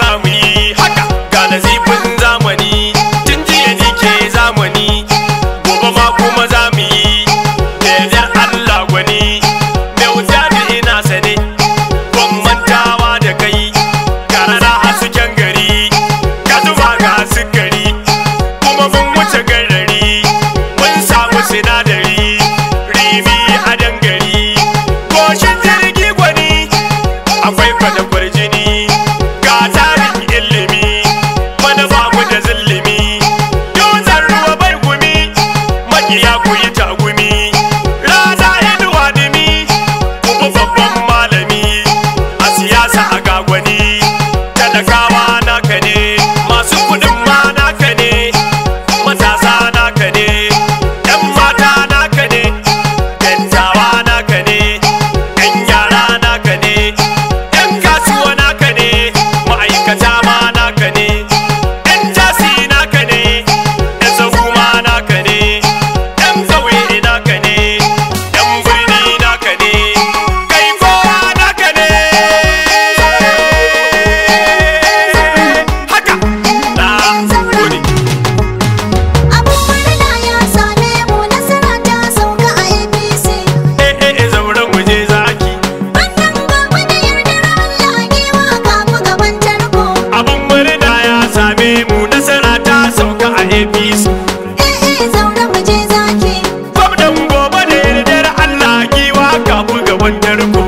sami Wonder